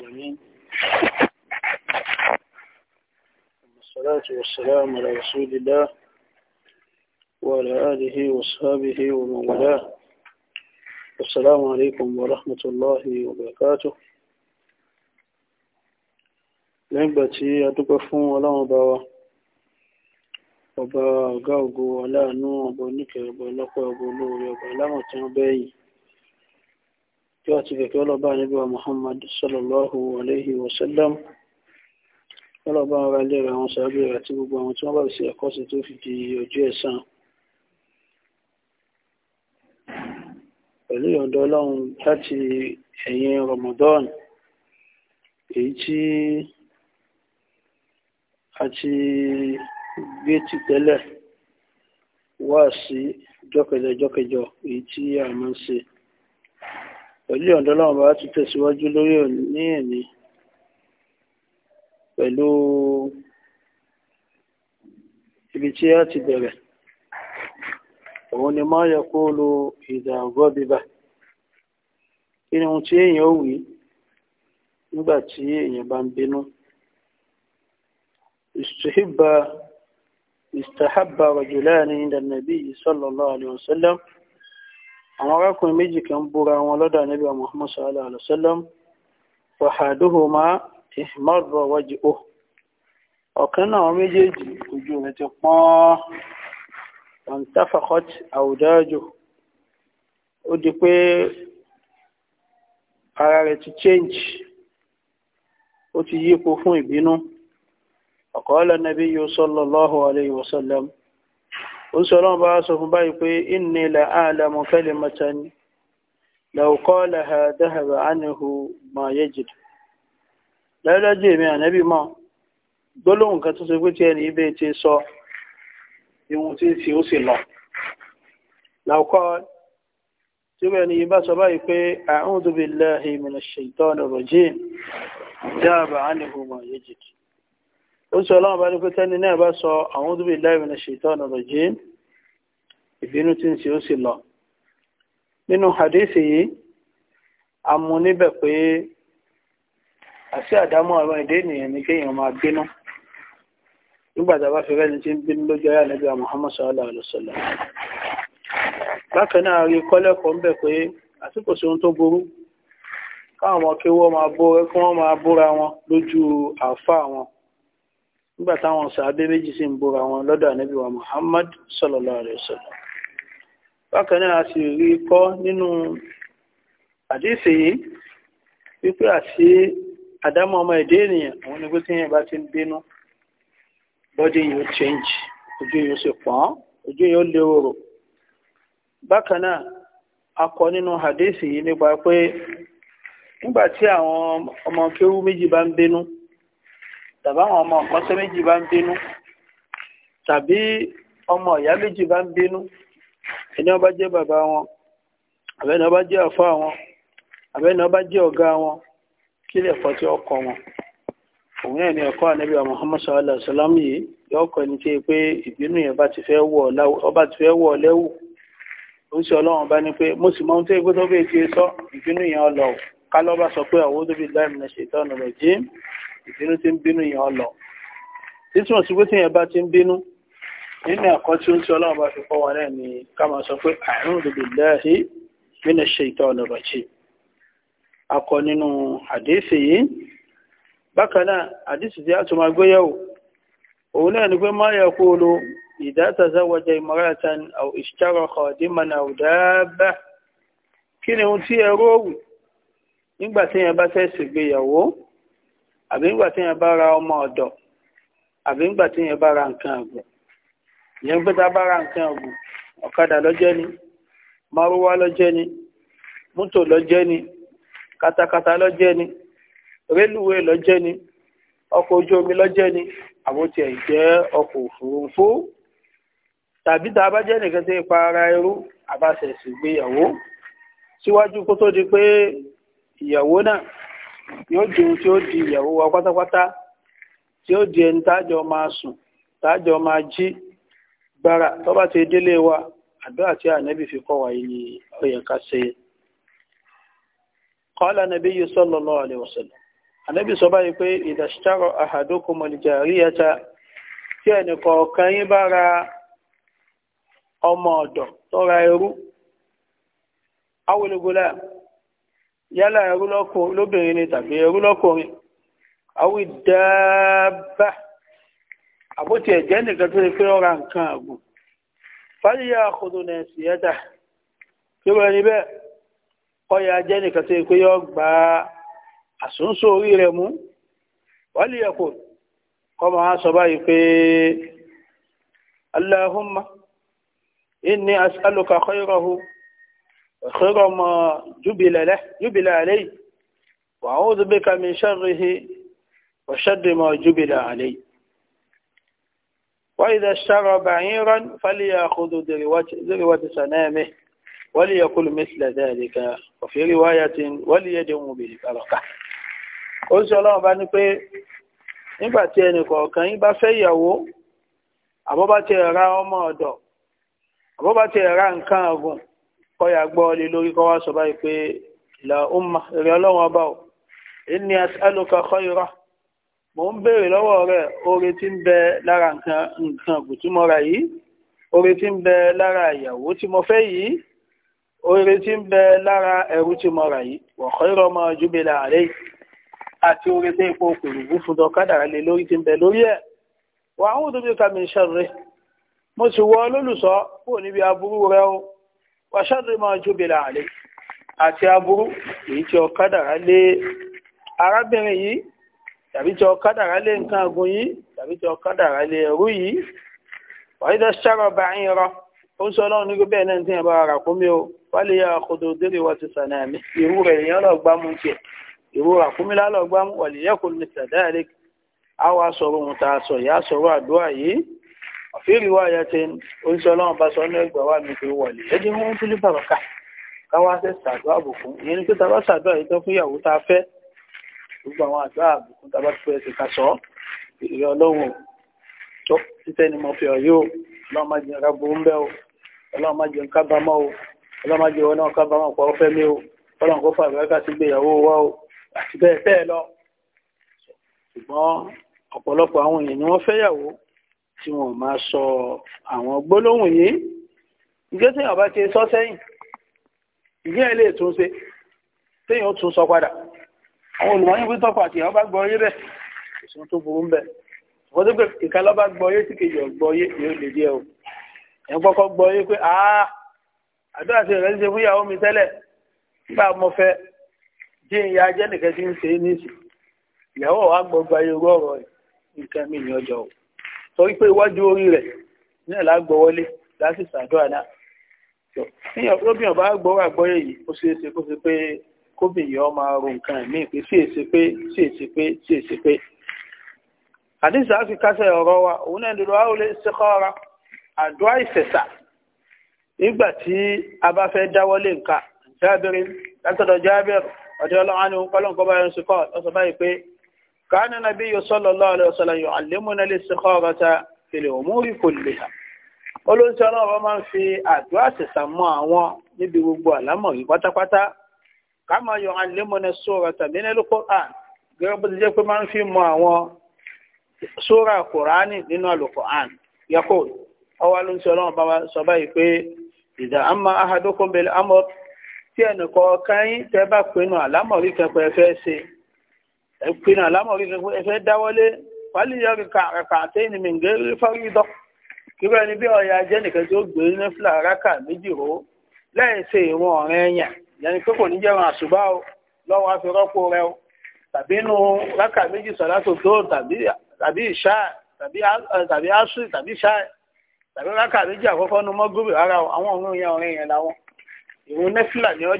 العالمين والصلاة والسلام على رسول الله وعلى آله وصحبه ومن والاه السلام عليكم ورحمة الله وبركاته lẹ́gbà tí a dúpẹ́ fún ọlọ́run bá wa ọba ọ̀gá ògo aláàánú ọba oníkẹ̀ẹ́ ọba ọlọ́pàá ọba olóore ọba aláwọ̀ tí wọ́n bẹ́yìn kí wọ́n ti kẹ̀kẹ́ ọlọ́ba níbi wa Muhammad sallallahu alayhi wa sallam ọlọ́ba ara ilé rẹ̀ àwọn sàábẹ̀ rẹ̀ àti gbogbo àwọn tí wọ́n bá sì ẹ̀kọ́ sí tó fi di ọjọ́ ẹ̀san pẹ̀lú ìyọ̀ǹdọ́ ọlọ́run láti ẹ̀yìn Ramadan èyí tí a ti gbé tì tẹ́lẹ̀ wá sí jọ́kẹjọ jọ́kẹjọ èyí tí a máa ń ṣe pẹ̀lú ọ̀dọ́ láwọn bàbá tún tẹ̀síwájú lórí ní ẹ̀mí pẹ̀lú ibi tí a ti bẹ̀rẹ̀ òun ni máa yẹ kó lo ìdàgọ́ bíbá kí ni ohun tí èèyàn ó wí nígbà tí èèyàn bá ń bínú istahaba istahaba rajulani inda nabi sallallahu alaihi wasallam àwọn arákùnrin méjì kan búra wọn lọ́dọ̀ Ànábì Muhammad sallallahu alaihi wasallam wahaduhuma ihmarra wajhuhu ọ̀kan náà wọn méjèèjì ojú rẹ̀ ti pọ́n wantafakhat awdajuhu ó di pé ara rẹ̀ ti change ó ti yípo fún ìbínú ọ̀kọ́ lọ́nà bí yóò sallallahu alaihi wasallam ó sọ ọlọ́run bá sọ fún báyìí pé inni la a'lamu kalimatan law qalaha dhahaba anhu ma yajid dájúdájú èmi ànábì mọ́ gbólóhùn kan tó ṣe pé tí ẹni ibẹ̀ ti sọ ìwọ̀n tí tí ó sì lọ law qala tí ó ẹni ibá sọ báyìí pé a'udhu billahi minash shaitanir rajim dhahaba anhu ma yajid ó sọ ọlọ́run bá ní pé tẹ́ni náà bá sọ a'udhu billahi minash shaitani rajim ìbínú tí ń ṣe ó sì lọ nínú hadisi yìí a mú níbẹ̀ pé àti àdámọ́ àwọn èdè ènìyàn ní kéèyàn máa bínú nígbàtà bá fẹ́ rẹ́ni tí ń bínú lójú ayá Ànábì Muhammad sallallahu alaihi wasallam bákan náà rí kọ́lẹ́kọ̀ọ́ ń bẹ̀ pé àsìkò sí ohun tó burú káwọn ọmọ kí wọ́n máa bóra wọn lójú àáfàá wọn nígbà táwọn sàábé méjì sì ń búra wọn lọ́dọ̀ ànábì wa Muhammad sallallahu alaihi wasallam bákan náà a sì rí kọ́ nínú àdíṣe yìí wípé àti àdámọ́ ọmọ èdè ènìyàn òun ni pé yẹn bá ti ń bínú body yóò change ojú yóò sì pọ́n ojú yóò lé orò bákan náà a kọ nínú àdíṣe yìí nípa pé nígbà tí àwọn ọmọ kéwú méjì bá ń bínú tàbí àwọn ọmọ ọ̀kọ́sẹ́ méjì bá ń bínú tàbí ọmọ ìyá méjì bá ń bínú ẹni ọba jẹ́ bàbá wọn àbẹ́ni ọba jẹ́ ọ̀fọ́ wọn àbẹ́ni ọba jẹ́ ọ̀gá wọn kí lè fọ́ tí ó wọn òun náà ni ẹ̀kọ́ ànábì wa Muhammad sallallahu alaihi wasallam yìí yóò kọ́ ẹni tí pé ìbínú yẹn bá ti fẹ́ wọ̀ lẹ́wù ó sì ọlọ́run bá ní pé mo sì mọ ohun tó ẹgbẹ́ tó bẹ́ẹ̀ ti sọ ìbínú yẹn ọlọ́ kálọ́ bá sọ pé àwọn tó fi láì mìíràn ṣètọ́nù rẹ̀ jí ìbínú tí ń bínú yẹn ọ lọ títún sí pé tíyẹn bá ti ń bínú nínú ẹ̀kọ́ tí ó ń tí ọlọ́run bá fi kọ́ wa náà ni ká máa sọ pé a'udhu billahi minash shaitanir rajim akọ nínú àdéhìsì yìí bákan náà àdéhìsì tí a tún máa gbéyẹ̀wò òun náà ni pé ma yaqulu idha tazawaja imra'atan aw ishtara khadiman aw dabbah kí ni ohun tí ẹrú òwù nígbà tí yẹn bá fẹ́ ṣègbéyàwó àbí ńgbà tí yẹn bá ra ọmọ ọ̀dọ̀ àbí ńgbà tí yẹn bá ra nǹkan ọ̀gbìn ìyẹn pé tá a bá ra nǹkan ọ̀gbìn ọ̀kadà lọ́jẹ́ ni márúwá lọ́jẹ́ ni mọ́tò lọ́jẹ́ ni katakata lọ́jẹ́ ni rélùwé lọ́jẹ́ ni ọkọ̀ ojú omi lọ́jẹ́ ni àbótiẹ̀ jẹ́ ọkọ̀ òfurufú tàbí tá a bá jẹ́ nìkan tí ipa ara irú àbáṣẹ̀sì gbéyàwó síwájú kó tó di pé ìyàwó náà yóò di ohun ti o di ìyàwó wa pátápátá tí ó di ẹni tájọ máa sùn tájọ máa jí gbára ti délé wa àdó àti ànábì fi kọ́ wa yìí ni ó yẹ ká ṣe. sọ báyìí pé idashtara ahadukumul jariyata tí ẹnì kọ̀ọ̀kan yín bá ra ọmọ ọ̀dọ̀ yálà ẹrú lóbìnrin ni tàbí ẹrú lọ́kùnrin àwọn ìdáàbà àbótí ẹ̀jẹ̀ nìkan tó ṣe pé ọ̀ra nǹkan àgùn fàyíyà àkóso náà sì ẹ́dà kí wọ́n ní bẹ́ẹ̀ ọyà jẹ́ nìkan tó ṣe pé yọ gba àsúnsọ orí rẹ̀ mú wọ́n lè yẹ̀kọ́ kọ́ máa sọ báyìí pé aláhùnmá inni as'aluka khayrahu خير ما جبل له جبل عليه وأعوذ بك من شره وشد ما جبل عليه وإذا اشترى بعيرا فليأخذ ذروة سنامه وليقل مثل ذلك وفي رواية وليدم بالبركة ó sọ ọlọ́run bá ní pé nígbà tí ẹnì kọ̀ọ̀kan yín bá fẹ́ ìyàwó àbọ́bá ti ra kọ́yà gbọ́ lé lórí kọ́ wá sọ báyìí pé ìlà umma rẹ̀ ọlọ́run ọba o inni as'aluka khayra mo ń béèrè lọ́wọ́ rẹ̀ oore tí ń bẹ lára nǹkan nǹkan gùtúmọ́ra yìí oore tí ń bẹ lára ìyàwó tí mo fẹ́ yìí oore tí ń bẹ lára ẹrú tí mo rà yìí wa khayra ma jubila alayhi àti oore tí ipò kòrògbú fún dọ́kádàrá lé lórí tí ń bẹ lórí ẹ̀ wa a'udhu bika min sharri mo sì wọ olólùsọ kúrò níbi aburú rẹ o wàṣàdùn máa júbìlà àlè àti aburú èyí tí ọ̀kadàrá lé arábìnrin yìí tàbí tí ọ̀kadàrá lé nǹkan àgùn yìí tàbí tí ọ̀kadàrá lé ẹrú yìí wàyídà ṣàrọ̀ bàáyìn rọ ó ń sọ ọlọ́run ní bẹ́ẹ̀ náà tí ìyàbá ara kún mi o wálé yà àkójọ òdèrè wa ti sànà mi ìrú rẹ̀ èèyàn lọ gbá mú tiẹ̀ ìrú àkúnmí lálọ́ gbá mú wàlẹ̀ yẹ kò ní sàdáàlẹ́ àwa sọ̀rọ̀ òun àfi riwaya tí oúnjẹ ọlọ́run bá sọ ní ẹgbẹ̀ wà ní pé wọlé ẹdí wọ́n tún ní bàbàkà káwá fẹ́ sàdúrà àbùkún ìyẹn ni pé tá a bá sàdúrà yìí tán fún tá a fẹ́ gbogbo àwọn àdúrà àbùkún tá a bá fẹ́ ṣe ká sọ ìrẹ́ ọlọ́run tó títẹ́ ni mo fi ọ̀ yóò ọlọ́run má jẹun ká burú bẹ́ o ọlọ́run má jẹun ká bámọ́ o ọlọ́run má jẹun náà ká bámọ́ pọ̀ fẹ́ mi o ọlọ́run kó o àti bẹ́ẹ̀ bẹ́ẹ̀ lọ ṣùgbọ́n ọ̀pọ̀lọpọ̀ àwọn èèyàn ni wọ́n fẹ́yàwó tí wọ́n máa sọ àwọn gbólóhùn yìí ìgbésẹ̀ téèyàn ti sọ sẹ́yìn ìgbé ẹ̀ lè tún ṣe téèyàn tún sọ padà àwọn olùmọ̀yìn bí tọ́pọ̀ àti ìyàwó gbọ́ yé bẹ́ẹ̀ ìṣun tó burú bẹ́ẹ̀ ṣùgbọ́n tó pé ìka lọ́ gbọ́ yé tí kejì ọ̀gbọ́ yé yóò lè díẹ̀ o ẹ̀ ń kọ́kọ́ gbọ́ yé pé àá àdúrà tí ṣe fún ìyàwó mi tẹ́lẹ̀ nígbà mo fẹ́ jí ìyá ajẹ́ nìkan ń ṣe é níṣì ìyàwó wa sọ wípé iwájú orí rẹ̀ náà lágbọ́wọ́lé láti ṣàdúrà náà lóbìnrin bá gbọ́wọ́ àgbọ́yé yìí ó ṣeé ṣe kó ṣe pé kóbìnrin ọmọ ro nǹkan ẹ̀mí pé sí èsì pé sí èsì pé sí èsì pé àdìsá fi kásẹ̀ ọ̀rọ̀ wa òun náà lọ́wọ́ ó lè ṣekọ́ra àdúrà ìṣẹ̀ṣà nígbà tí a bá fẹ́ dáwọ́lé nǹkan jábìrin látọ̀dọ̀ jábìrin ọ̀dẹ́ ọlọ́run á ní òun kọ́lọ́ǹkọ́ bá yẹn ṣe kọ́ ọ̀sọ̀ báyìí pé كان النبي صلى الله عليه وسلم يعلمنا الاستخارة في الأمور كلها olóńsọ náà wọn máa ń fi àdúrà ṣẹṣà mọ àwọn níbi gbogbo àlámọ̀rí pátápátá ká máa yọ àlémọ́nẹ sóra tàbí nínú Qur'an gẹ́gẹ́ bó ti jẹ́ pé máa ń fi mọ àwọn sóra Qur'ani nínú al-Qur'an yẹkọ ọwọ́ olóńsọ náà bá wa sọ báyìí pé ìdá àmà ahadukum bil amr tí ẹnì kọ̀ọ̀kan yín tẹ́ bá pinnu àlámọ̀rí kẹpẹ́ fẹ́ ṣe ìpinnu àlámọ̀rí ẹfẹ́ dáwọ́lé fàlíyọ kàkà àtẹ́yìn mìngẹ́rẹ́ fárídọ́ kíbẹ̀ ẹni bí ọ̀yà jẹ́ nìkan tí ó gbé ní fúlàrákà méjì ró lẹ́yìn ṣe ìwọ̀n ọ̀rẹ́ ẹ̀yàn yẹn ni pé kò ní jẹ́ràn àṣùbá o lọ́wọ́ afi rọ́pò rẹ o tàbí inú rákà méjì sọ̀dá tó tó tàbí ìṣá tàbí asúrì tàbí ìṣá tàbí rákà méjì àkọ́kọ́ nu mọ́gòbì rárá o àwọn ọ̀run yẹn ọ̀rẹ́ yẹn làwọn ìrún nẹ́fìlà ni ó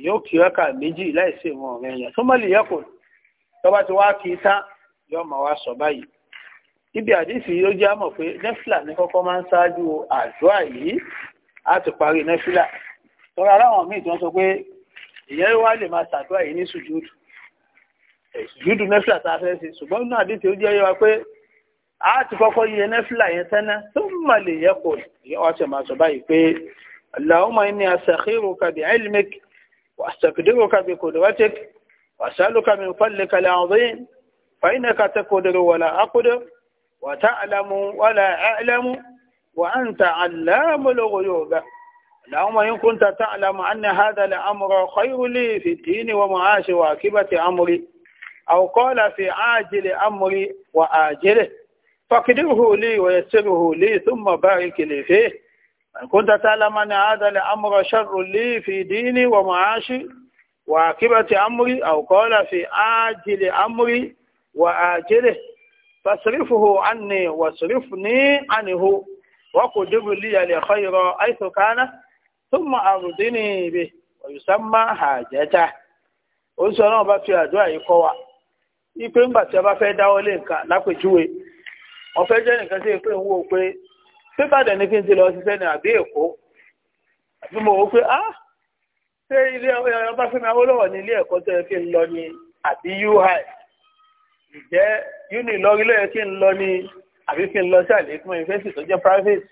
yóò kí rákà méjì láìsí ìwọ̀n ọ̀rẹ́ yẹn tó mọ́lì yẹ kò tọ́ba ti wá kí tán yóò máa wá sọ báyìí níbi àdìsí yóò jẹ́ àmọ̀ pé nẹ́fìlà ní kọ́kọ́ máa ń ṣáájú àdúrà yìí á ti parí nẹ́fìlà tọ́ra aláwọn míì tí wọ́n sọ pé ìyẹn wá lè máa ṣàdúrà yìí ní sùjúdù sùjúdù nẹ́fìlà tá a fẹ́ ṣe ṣùgbọ́n nínú àdìsí yóò jẹ́ yẹ pé á ti kọ́kọ́ yẹ nẹ́fìlà yẹn tẹ́ná tó mọ̀lì yẹ kò ọ وأستقدرك بقدرتك وأسألك من فضلك العظيم فإنك تقدر ولا أقدر وتعلم ولا أعلم وأنت علام الغيوب اللهم إن كنت تعلم أن هذا الأمر خير لي في الدين ومعاش واكبة أمري أو قال في عاجل أمري وآجله فاقدره لي ويسره لي ثم بارك لي فيه kúnta tààlà máa ní àádọ́lẹ̀ amúrọ̀ ṣọ́rù lè fi dìíní wọ mọ̀háṣí wà kíbàtí amúrí àwùkọ́ọ́lá fi ájílẹ̀ amúrí wà ájílẹ̀ fàṣírífùhù ánì wà ṣírífù ní ànìhù wọ́n kò dìbò líyàlẹ̀ ọ̀kọ́ ìrọ̀ àìsùkáná tó mọ àrùdíní ibè òyìṣàmà àjẹta oṣù náà bá fi àdúrà yìí kọ́ wa ipe ńgbà tí a bá fẹ́ dáwọ́ lé síbàdàn ní kí n ti lọ ṣiṣẹ́ ní àbí èkó àbí mo wò pé á ah, ṣé ilé Ọbáfẹ́mi Awólọ́wò ní ilé ẹ̀kọ́ tó yẹ kí n lọ ní àbí UI ǹjẹ́ uni Ìlọrin ló yẹ kí n lọ ní àbí kí n lọ sí àlékún yunifásitì tó jẹ́ private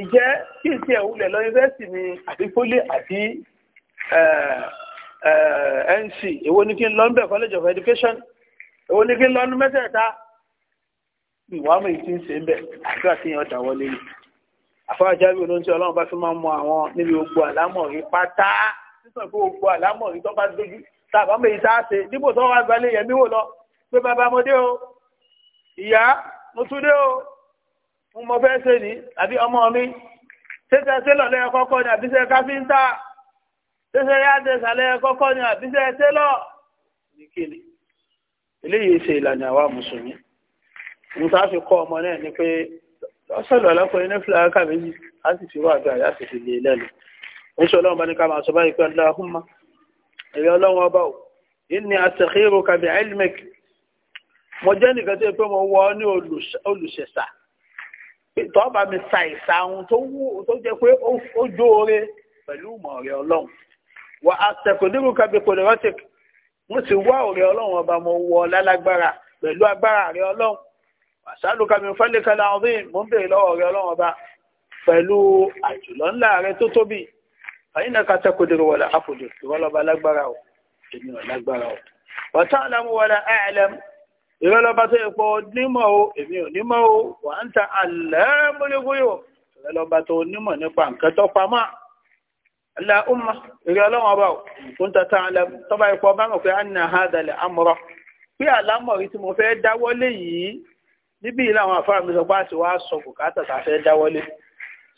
ǹjẹ́ kí n tiẹ̀ wulẹ̀ lọ yunifásitì ní àbí pólí àbí NC èwo ni kí n lọ níbẹ̀ college of education èwo ni kí n lọ ní mẹ́tẹ̀ẹ̀ta ìwàmọ̀ ìtí ń ṣe ń bẹ̀ àti àfihàn ọ̀dà wọlé ni àfọwájáwé olóńtí ọlọ́run bá fi máa ń mọ àwọn níbi gbogbo àlámọ̀rí pátá sísọ pé gbogbo àlámọ̀rí tó bá dojú tàbá mọ̀ èyí tá a ṣe dípò tó wá gbalẹ̀ yẹmí wò lọ pé bàbá mo dé o ìyá mo tún dé o mo mọ fẹ́ ṣe ní àbí ọmọ mi ṣẹṣẹ télọ̀ lẹ́yìn kọ́kọ́ ni àbíṣe káfíńtà ṣẹṣẹ yáàdẹ̀sà lẹ́yìn kọ́kọ́ ni àbíṣe télọ̀ nìkéde eléyìí ṣe ìlànà àwa mùsùlùmí nígbà fi kọ́ ọmọ náà ni pé ọ̀sẹ̀lọ̀ ọlọ́kùnrin ní fúlàá kàbíyì á sì fi wà àgbà yá sì fi lè lẹ́nu oṣù ọlọ́run bá ní ká máa sọ báyìí pé aláhùnmá ẹ̀yọ́ ọlọ́run ọba ò inni àtẹ̀kẹ́rò kàbí ilmek mo jẹ́ nìkan tó yẹ pé mo wọ ní olùṣẹ̀ṣà tó bá mi sa ìsa ohun tó wú tó jẹ́ pé ó jó ore pẹ̀lú ìmọ̀ ọ̀rẹ́ ọlọ́run wà àtẹ̀kẹ́rò kàbí kòlẹ́rọ́tìk mo sì wá ọ̀rẹ́ ọlọ́run ọba mo wọ lálágbára pẹ̀lú agbára ọ̀rẹ́ ọlọ́run àṣàlùkà mi fẹ́lẹ̀ kẹlẹ́ àwọn bíi mò ń bèèrè lọ́wọ́ rẹ ọlọ́run ọba pẹ̀lú àjùlọ ńlá rẹ tó tóbi àyìn náà kàtà kòdìrò wọlé àpòjù ìwọlọba lágbára o èmi ò lágbára o ọ̀tá àlámú wọlé àìlẹ́m ìrọlọba tó yẹ pé o nímọ̀ o èmi ò nímọ̀ o wà ń ta àlẹ́ múlẹ́gúyò ìrọlọba tó nímọ̀ nípa nǹkan tó pamọ́ Allahumma ìrẹ́ ọlọ́wọ́n ọba òun tata alam tọ́ba ìpọ̀ bá mọ̀ pé a nà ha dalẹ̀ amọ̀rọ̀ pé tí mo fẹ́ dáwọ́lé yìí níbí yìí làwọn afárá mi sọ pé àti wàá sọ bùkátà tá a fẹ́ dáwọ́lé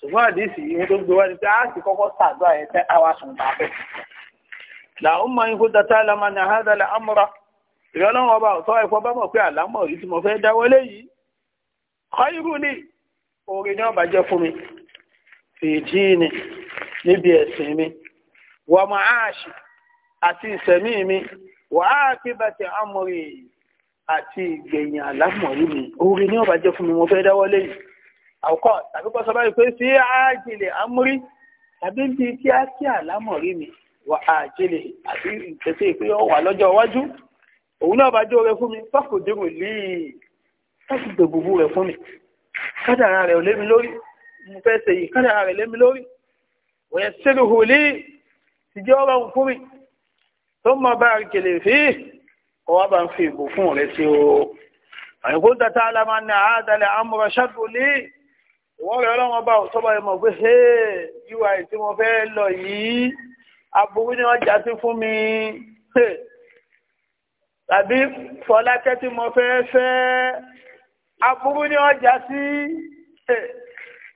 ṣùgbọ́n àdìsí ìwé tó gbé wá ni pé a sì kọ́kọ́ sàdúrà yẹn tẹ́ àwa sùn tá a fẹ́. làwọn máa ń kó data lamá ní àhádàlẹ̀ amúra ìrọ̀lọ́wọ́ ọba ọ̀tọ́ ẹ̀fọ́ bá mọ̀ pé àlámọ̀ yìí tí mo fẹ́ dáwọ́lé yìí kọ́ irú ni orin ní ọba jẹ́ fún mi fìdí ni níbi ẹ̀sìn mi wà máa àṣì àti ìsẹ̀mí mi wà á kí àti ìgbẹ̀yìn àlámọ̀rí mi orí ní ọba jẹ́ fún mi mo fẹ́ dáwọ́ lẹ́yìn àwòkọ́ tàbí kọ́ sọ báyìí pé sí àjèlè amúrí tàbí bí kíákíá àlámọ̀rí mi wà àjèlè àti ìtẹ̀sẹ̀ pé ó wà lọ́jọ́ iwájú òun náà bá jóore fún mi fákòdérò líì fákòdè gbogbo rẹ̀ fún mi kádàrà rẹ̀ ò lémi lórí mo fẹ́ ṣe yìí kádàrà rẹ̀ lémi lórí òyẹ sílùhù líì ìjọba ń fún ọwọ́ bá ń fi ìbò fún rẹ̀ sí o àyíkó tata alama ní àádálẹ̀ amúra ṣàtòlé ìwọ́n rẹ̀ ọlọ́wọ́n bá òtọ́bà ìmọ̀ pé ṣe ìwà tí mo fẹ́ lọ yìí aburú ni wọ́n já sí fún mi tàbí fọlákẹ́ tí mo fẹ́ fẹ́ aburú ni wọ́n já sí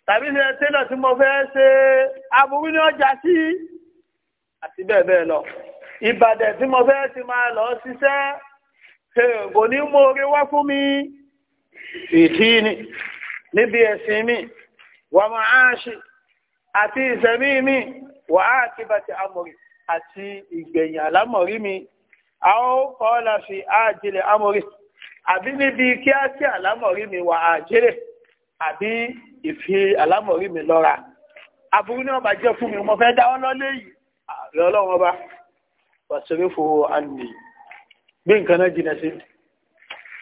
tàbí ṣe tẹ́lọ̀ tí mo fẹ́ ṣe aburú ni wọ́n já sí àti bẹ́ẹ̀ bẹ́ẹ̀ lọ ìbàdàn tí mo fẹ́ ti máa lọ ṣiṣẹ́ kò ní mú orí wá fún mi ìdí ni níbi ẹ̀sìn mi wà máa ṣe àti ìṣẹ̀mí mi wà á ti bàtì amòrì àti ìgbẹ̀yìn àlámọ̀rí mi a ó la fi áàjìlẹ̀ amòrì àbí níbi kíákíá àlámọ̀rí mi wà áàjìlẹ̀ àbí ìfi àlámọ̀rí mi lọ́ra aburú ní ọba jẹ́ fún mi mo fẹ́ dáwọ́ lọ́lé yìí ààrẹ ọlọ́run ọba wàṣírífò àní bí nǹkan náà jìnà sí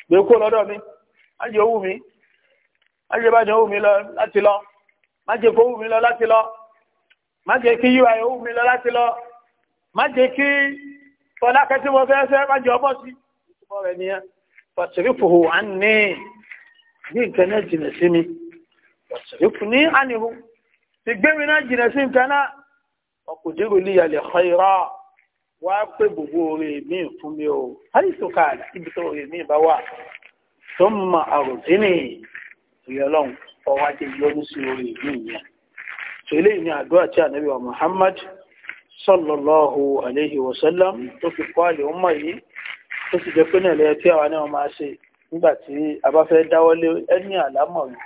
gbé kó lọ́dọ̀ mi ajé owó mi ajé bá jẹ owó mi lọ láti lọ má jẹ kó owó mi lọ láti lọ má jẹ kí ui owó mi lọ láti lọ má jẹ kí fọlákẹ́ tí mo fẹ́ fẹ́ má jẹ ọbọ̀ sí ìtumọ̀ rẹ̀ nìyẹn wàṣírífò àní bí nǹkan náà jìnà sí mi wàṣírífò ní àníhù ti gbé mi náà jìnà sí nǹkan náà ọkùnrin lè yàlẹ̀ xọ́ wá pé gbogbo oore mi fún mi o hálìtò káàdì ibi tó oore mi bá wà tó ń mọ àròdínì ìyọlọ́run ọwọ́ ajé yọnu sí oore mi yẹn tó ilé ìní àdúrà tí ànábì wa Muhammad sallallahu alaihi wasallam tó fi kọ́ àlè ọmọ yìí tó sì jẹ́ pé nílẹ̀ tí àwa náà máa ṣe nígbà tí a bá fẹ́ dáwọ́lé ẹni àlámọ̀ yìí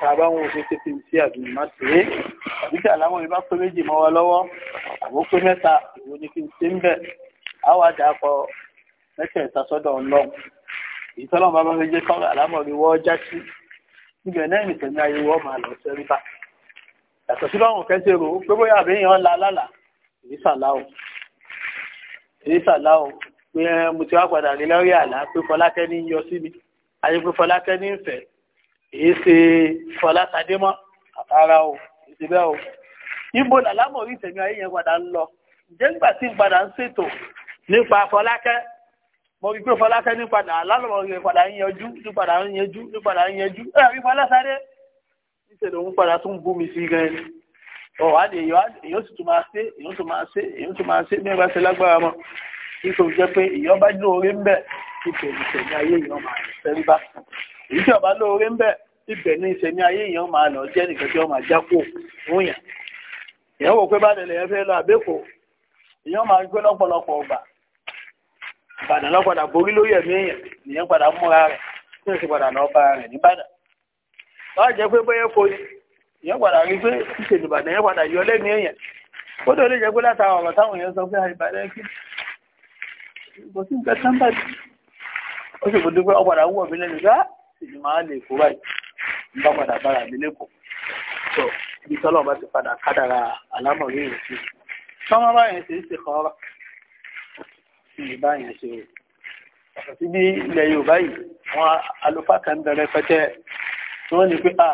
tàbá wọn òfin tí fi ń sí àdúgbò má sí é àbíjà láwọn ìbá pé méjì mọ́ wa lọ́wọ́ àbó pé mẹ́ta ìwò ni kí n ṣe ń bẹ̀ á wà dà pọ̀ mẹ́tẹ̀ẹ̀ta sọ́dọ̀ ọlọ́run ìtọ́lọ́run bá bá fi jẹ́ kọ́rọ̀ àlámọ̀rí wọ́ já sí ibẹ̀ náà nìkẹ́ni ayé wọ́ máa lọ sẹ́rí bá yàtọ̀ sí lọ́rùn kẹ́sẹ̀ rò pé bóyá àbẹ́yàn la lálà ìrísàlá o ìrísàlá o pé mo ti wá padà rí lórí àlá pé fọlákẹ́ ní yọ sí mi ayé pé fọlákẹ́ ní ń fẹ́ èé ṣe fọlá tadé mọ́ àtàrà o ìdíbẹ́ o níbo làlámọ̀ orí ìtẹ̀mí ayé yẹn padà ń lọ ǹjẹ́ nígbà tí n ń ṣètò nípa fọlákẹ́ mo rí pé fọlákẹ́ ní padà lálọ́mọ̀ orí padà ń yanjú ní padà ń yanjú ní padà ń yanjú ẹ̀ rí fọlá sáré níṣẹ́ lòun padà tún bú mi sí gan ni ọ̀hádìí èyàn sì tún máa ṣe èyàn tún máa ṣe èyàn tún máa ṣe bí wọ́n bá ṣe lágbára mọ́ nítorí jẹ́ pé èyàn bá lóore ń bẹ̀ kí tèmi tèmi ayé èyàn máa ṣẹ́rí bá èyí tí ọba lóore ń bẹ̀ ibẹ̀ ní ìsẹ̀mí ayé èèyàn máa lọ jẹ́ nìkan tí wọ́n máa jápò fún yàn èèyàn wò pé bàdàn lèèyàn fẹ́ lọ àbẹ́kọ̀ èèyàn máa gbé lọ́pọ̀lọpọ̀ ọgbà ìbàdàn lọ borí lórí ẹ̀mí èèyàn nìyẹn padà múra rẹ̀ tí sì padà lọ bá rẹ̀ nìbàdàn wọ́n á jẹ́ pé bóyá kò ní padà rí pé ìṣe ìbàdàn yẹn padà yọ lẹ́mí èèyàn ó lè jẹ́ pé ọ̀rọ̀ táwọn èèyàn sọ bá padà mi lẹ́kọ̀ọ́ tó ibi ti padà kádàrà àlámọ̀rí rẹ̀ sí sọ́mọ́ báyẹn ṣe ń ṣe kọ́ ọ́rọ̀ sí báyẹn ṣe ọ̀sọ̀ sí bí ilẹ̀ Yorùbá yìí wọn àlùfáà kan bẹ̀rẹ̀ pẹ́tẹ́ tí wọ́n ní pé a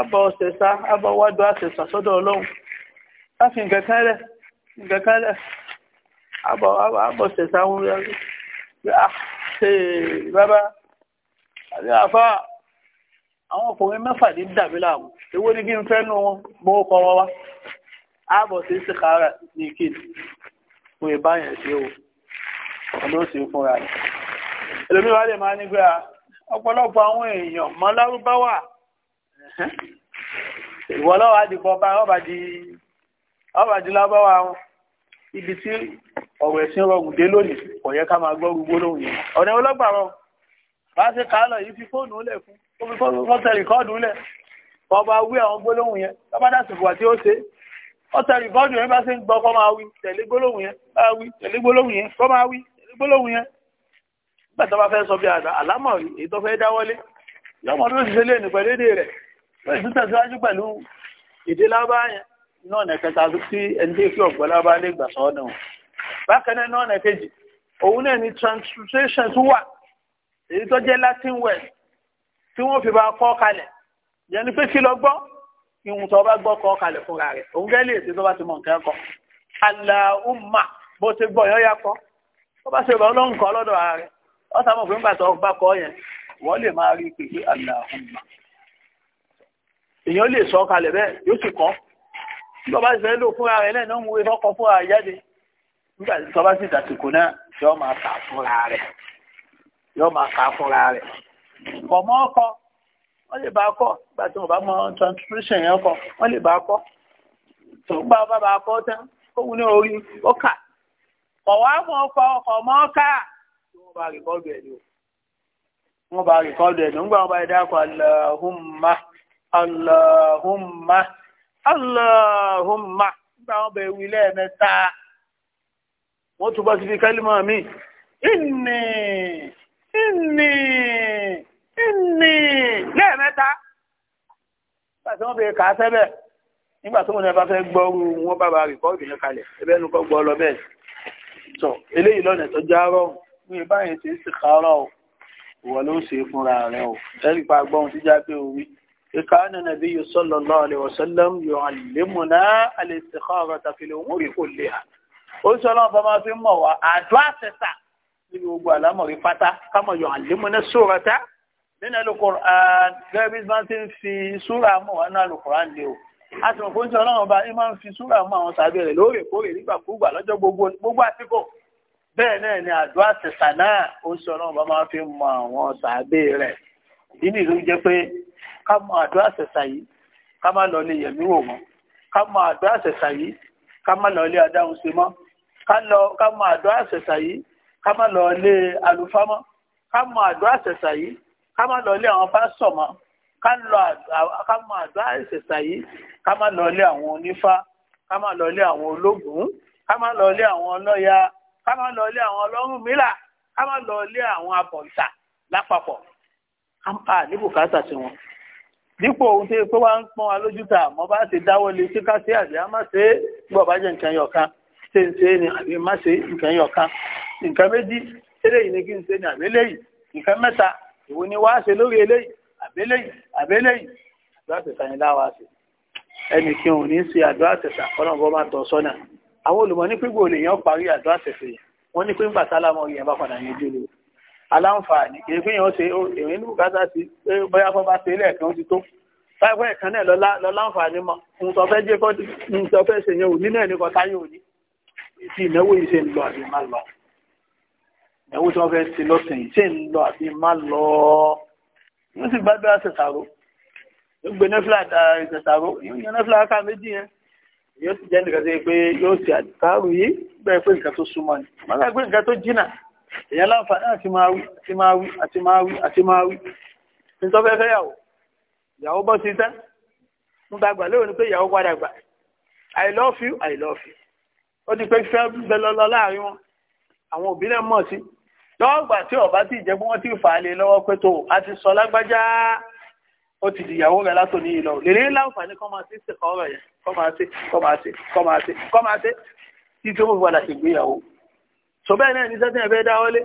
àbọ̀ ṣẹ̀ṣá àbọ̀ wájú àṣẹṣà sọ́dọ̀ Ọlọ́run láti nǹkan kan rẹ̀ nǹkan kan rẹ̀ ṣẹ̀ṣá wọn rẹ̀ pé a ṣe bàbá àbí àfáà àwọn ọkùnrin mẹ́fà ní dàbí láàmú ewó ní kí n fẹ́ nú wọn mọ́ kọ́ wọn wá ààbọ̀ sí sìkárà ní kí fún ìbáyàn sí o ọ̀dọ́ sí fúnra rẹ̀ ẹlòmíwá lè máa ní pé ọ̀pọ̀lọpọ̀ àwọn èèyàn mọ́ lárúbáwà ìwọ lọ́wọ́ àdìpọ̀ ọba ọba di lábáwà wọn ibi tí ọ̀rọ̀ ẹ̀sìn rọrùn dé lónìí kò yẹ ká máa gbọ́ gbogbo lóhùn yẹn ọ̀nà ọlọ́gbà wọn bá ṣe kàá lọ yìí fi fóònù lẹ̀ fún wọ́n tẹ rìkọ́ọ̀dù lẹ̀ ọba wí àwọn gbólóhùn yẹn lọ́ba dàsìkò àti ó ṣe wọ́n tẹ rìkọ́ọ̀dù yẹn bá ṣe ń gbọ́ kọ́ máa wí tẹ̀lé gbólóhùn yẹn máa wí tẹ̀lé gbólóhùn yẹn kọ́ máa wí tẹ̀lé gbólóhùn yẹn nígbà tó bá fẹ́ sọ bí àlámọ̀ èyí tó fẹ́ dáwọ́lé lọ́mọ tó ṣiṣẹ́ lé nípa lédè rẹ̀ wọ́n ti tẹ̀síwájú pẹ̀lú èdè lábá yẹn náà nà kẹta sí ẹni tí kí ọ̀gbọ́n lábá lè gbà sọ́ọ́ náà bákan náà náà nà kejì òun náà ni translation tún wà èyí tó jẹ́ Latin word tí wọ́n fi bá kọ́ kalẹ̀ yẹn ni pé kí lọ gbọ́ ìhun tó bá gbọ́ kọ́ kalẹ̀ fúnra rẹ̀ òun gẹ́lì èsì tó bá ti mọ̀ nǹkan kọ́ aláhùnmá bó ti gbọ́ yọ́ ya kọ́ tó bá ṣe ọlọ́run kọ́ lọ́dọ̀ ara rẹ̀ ọ́ sá mọ̀ fún ìgbà tó bá kọ́ yẹn wọ́n lè máa rí pé aláhùnmá èèyàn lè sọ kalẹ̀ bẹ́ẹ̀ yóò sì kọ́ tó bá ṣe lò fúnra rẹ̀ lẹ́nu náà yọ́ ọmọ ọkọ wọ́n lè bá kọ́ gbà tí wọ́n bá mọ transmission yẹn kọ́ wọ́n lè bá kọ́ tó ń bá ọba bá kọ́ tán kóhun ní orí ó kà ọ̀wá mọ ọkọ ọkọ̀ mọ́ ká wọ́n bá rìkọ́dù ẹ̀ ní o wọ́n bá rìkọ́dù ẹ̀ ní o ń gbà wọ́n bá yẹ dákọ̀ Allahumma Allahumma Allahumma nígbà wọn bẹ̀ wí lẹ́ẹ̀mẹ́ta wọ́n tún bọ́ síbi kálímọ̀ mi ìnnì ìnnì ìní lẹ́ẹ̀mẹ́ta pàṣẹ wọn bèèrè kà á sẹ́bẹ̀ nígbà tó wọn bá fẹ́ gbọ́rú wọn bá bá rìkọ́ọ̀dù yẹn kalẹ̀ ẹbẹ́ nu kọ́ gbọ́ lọ bẹ́ẹ̀ sọ eléyìí lọ́nà tó já rọ̀ ní báyìí ti sì kárọ̀ o ìwọ ló ń ṣe fúnra rẹ o ẹ̀rí pa gbọ́n ti já pé orí ìka nàbí yìí sallallahu alaihi wasallam yọ àlèmùnà àlè istikhara fil umuri kulliha ó sọ lọ́wọ́ bá máa fi nínú alukoran gẹ́gẹ́ bí wọ́n ti ń fi súra mọ̀ wá ní alukoran lé o a sì mọ̀ pé oúnjẹ ọlọ́run ọba ìmọ̀ ń fi súra mọ̀ àwọn sàbẹ̀ rẹ̀ lóòrèkóòrè nígbàkúgbà lọ́jọ́ gbogbo gbogbo àsìkò bẹ́ẹ̀ náà ni àdúrà tẹ̀sà náà oúnjẹ ọlọ́run ọba máa fi mọ àwọn sàbẹ̀ rẹ̀ inú ìlú jẹ́ pé ká mọ àdúrà tẹ̀sà yìí ká má lọ lè yẹ̀mí wò mọ́ ká mọ àdúrà tẹ̀sà yìí ká má lọ lè adáhùn sí mọ́ ká mọ àdúrà tẹ̀sà yìí ká má lọ lè àlùfáà mọ́ ká mọ àdúrà tẹ̀sà yìí ká má lọ ilé àwọn pásítọ̀ mọ́ ká lọ ká mọ àdúrà ìṣẹ̀ṣà yìí ká má lọ ilé àwọn onífá ká má lọ ilé àwọn ológun ká má lọ ilé àwọn ọlọ́ya ká má lọ ilé àwọn ọlọ́rúnmìlà ká má lọ ilé àwọn abọ̀ǹtà lápapọ̀ a ní bùkátà sí wọn dípò ohun tó pé wá ń pọ́n wa lójú ta àmọ́ bá ti dáwọ́ lé sí ká sí àbí a má ṣe é gbọ́ bá jẹ́ nǹkan yọ̀ọ̀kan ṣe ń ṣe é ni àbí má ṣe nǹkan yọ̀ọ̀kan nǹkan méjì eléyìí ni kí n ṣe ni àbí eléyìí nǹkan mẹ́ta ìwo ni wàá ṣe lórí eléyìí àbẹ́lẹ́yìí àbẹ́lẹ́yìí àdúrà tẹ̀sà ni láwàá ṣe ẹnì kí òun ní ṣe àdúrà tẹ̀sà kọ́nà bọ́ máa tọ̀ sọ́nà àwọn olùmọ̀ ní pígbò lè yàn parí àdúrà tẹ̀sà yìí wọ́n ní pé ń gbà sálámọ̀ yẹn bá padà yẹn jùlọ aláǹfààní kì í fi hàn ṣe èrè ní bùkátà sí pé bóyá fọ́n bá ṣe ilé ẹ̀kan ti tó táìpẹ́ ẹ̀kan náà lọ láǹfààní mọ́ ń sọ fẹ́ jẹ́ kọ́ ń sọ fẹ́ ṣèyàn òní náà ní kọ́tá yóò ní ti ìnáwó yìí ṣe ń lọ àbí má lọ ẹ̀wọ́ tí wọ́n fẹ́ ṣe lọ́sìn yìí ṣe ń lọ àbí má lọ yóò sì gbàgbé àṣẹṣàrò yóò gbé nẹ́fìlà àṣẹṣàrò yóò yan nẹ́fìlà ká méjì yẹn yóò sì jẹ́ nìkan tó yẹ pé yóò ṣe àdìkárù yìí bẹ́ẹ̀ pé nǹkan tó súnmọ́ ni má gbàgbé nǹkan tó jìnà èèyàn láǹfààní àti máa wí àti máa wí àti máa wí àti máa wí ní tó fẹ́ fẹ́ yàwó ìyàwó bọ́ sí tán mo gbàgbà lóòrùn ni pé ìyàwó padà gbà I love you I love you ó ti pé fẹ́ bẹ lọ́lọ́ láàrin wọn àwọn òbí náà mọ̀ sí lọ́gbà tí ọ̀bá ti jẹ́ pé wọ́n ti fà á lé lọ́wọ́ pé tó a ti sọ lágbájá ó ti dìyàwó rẹ̀ látòní yìí lọ lèlé láǹfààní kọ́ máa ṣe ṣe kọ́ ọ̀rọ̀ yẹn kọ́ máa ṣe kọ́ máa ṣe kọ́ máa ṣe kọ́ máa ṣe tí tó mú padà ṣègbéyàwó. sọ bẹ́ẹ̀ náà ní sẹ́tẹ̀ ẹ̀fẹ́ dáwọ́lé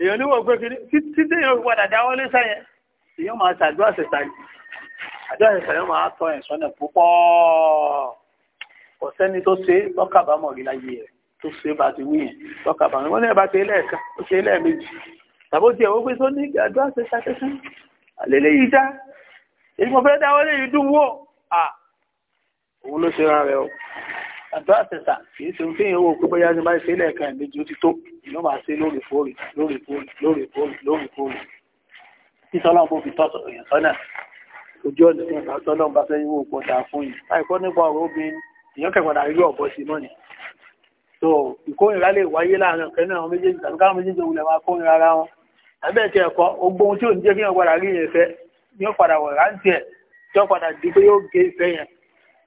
èèyàn níwò pé kiri títí èèyàn fi padà dáwọ́lé sẹ́yẹn èèyàn máa ṣe àdúrà ṣẹ̀ṣà ni àdúrà ṣẹ̀ṣà yẹn máa tọ ẹ̀sán náà púpọ̀ kò sẹ́ni tó ṣe lọ́kàbámọ̀ rí láyé rẹ̀ tó ṣe bá ti wí yẹn tọ́ka bá wọn lẹ́ẹ̀ bá ṣe lẹ́ẹ̀kan ó ṣe lẹ́ẹ̀mejì tàbó tiẹ̀ ó gbé tó ní àdúrà ṣe ṣàkẹ́sán àlélẹ́ yìí dá èyí mo fẹ́ dáwọ́ lè dùn wò à òun ló ṣe ra rẹ o àdúrà ṣẹṣà kì í ṣe ń fihàn owó pípẹ́ yára bá ṣe lẹ́ẹ̀kan ẹ̀mejì ó ti tó ìlú máa ṣe lóòrèkóòrè lóòrèkóòrè lóòrèkóòrè lóòrèkóòrè títọ́lọ́ bó fi tọ́sọ̀ èèyàn sọ́nà ojú ọ̀nà tí wọ́n bá tọ́lọ́ bá fẹ́ yíwó pọ̀ dáa fún yìí àìkọ́ nípa ọ̀rọ̀ obìnrin èèyàn kẹ̀kọ́ dàrí ọ̀bọ sí mọ́ni so ìkórìíra lè wáyé láàrin ọ̀kẹ́ náà àwọn méjèèjì tàbí káwọn méjèèjì òun lè máa kórìíra ara wọn àbẹ́ ti ẹ̀kọ́ ogbó ohun tí ò ní jẹ́ kí wọ́n padà rí yẹn fẹ́ ní ó padà wọ̀ rántí ẹ̀ tí ó padà di pé yóò gé ìfẹ́ yẹn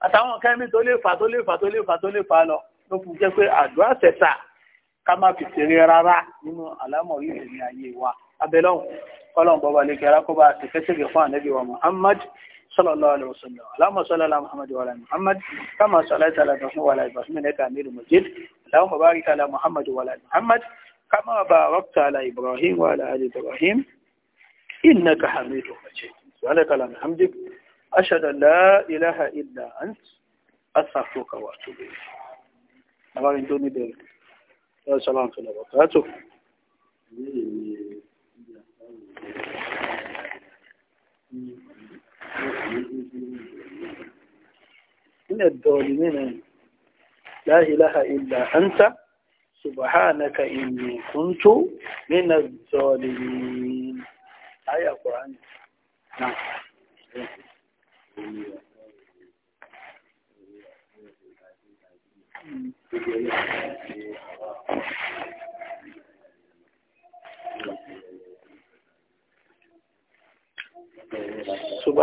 àtàwọn kẹ́mí tó lè fà tó lè fà tó lè fà tó lè fà lọ ló fi jẹ́ pé àdúrà tẹ̀sà ká má fi ṣeré rárá nínú àlámọ̀ orí ìrìn ayé wa abẹ́lọ́hùn kọ́lọ́hùn bọ́ba lè kẹ́ra kó bá ṣèkẹ́ṣèkẹ́ fún ànẹ́bí wa Muhammad صلى الله عليه وسلم اللهم صل على محمد وعلى محمد كما صليت على ابراهيم وعلى ابراهيم انك حميد مجيد اللهم بارك على محمد وعلى محمد كما باركت على ابراهيم وعلى ال ابراهيم انك حميد مجيد سبحانك اللهم وبحمدك اشهد ان لا اله الا انت استغفرك واتوب اليك àwọn ìdóní bẹ̀rẹ̀ lọ́sọ̀lá ń fẹ̀lẹ̀ bọ̀kátò Thank you. ina dominina la ilaha illa anta subhanaka inni kuntu min adh-dhalimin aya qur'an na Thank hmm. you.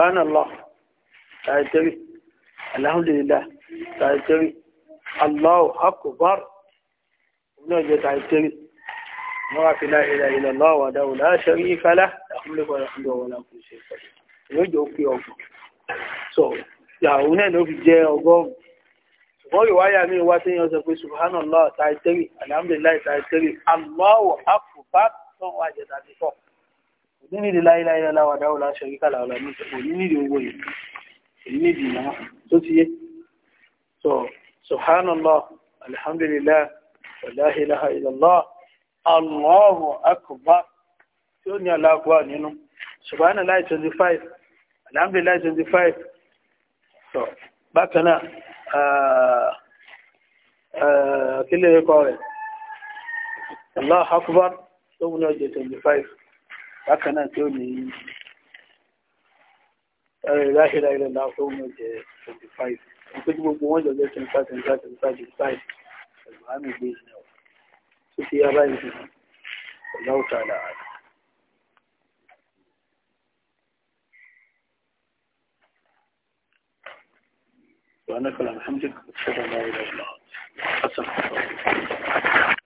subhanallah tàì tẹ́rì alhamdulillah tàì tẹ́rì allahu akbar ní ọjọ́ tàì tẹ́rì wọ́n wá fi la ilaha illallah wahdahu la sharika lahu láàmúlẹ́kọ̀ọ́ ìrìnàjò wọn láàkú sí ìfẹ́ ìrìnàjò pé ọgbọ̀n so ìyàwó náà ló fi jẹ́ ọgọ́rùn-ún ṣùgbọ́n ìwáyà mi wá sí ìyànjẹ́ pé subhanallah tàì tẹ́rì alhamdulillah tàì tẹ́rì allahu akbar tó wà jẹ́ tàbí fọ́ọ̀ òní nídìí láíláí láwà dáwò láṣọ yíká làwọn ọmọ òní nídìí owó yìí èyí nídìí ìyàwó tó ti yé so subhanallah alhamdulillah wala ilaha illallah allahu akbar tí ó ní aláàbọ̀ nínú subhanallah twenty five alhamdulillah twenty five so bákan náà ah, ah, kí lè kọ́ rẹ̀ allah akbar tó ní ọjọ́ twenty five. bákan náà tí ó ní láṣẹ́lá ilẹ̀ láàpọ̀ ọmọ jẹ́ 25 ìpéjú gbogbo wọn jọ jẹ́ 25 25 25 25 ẹ̀gbọ́n àmì gbé ìsìn náà tó fi yára ìsìn ọ̀lá òtà àlàáfíà وأنك لمحمدك أشهد أن لا إله إلا أنت أستغفرك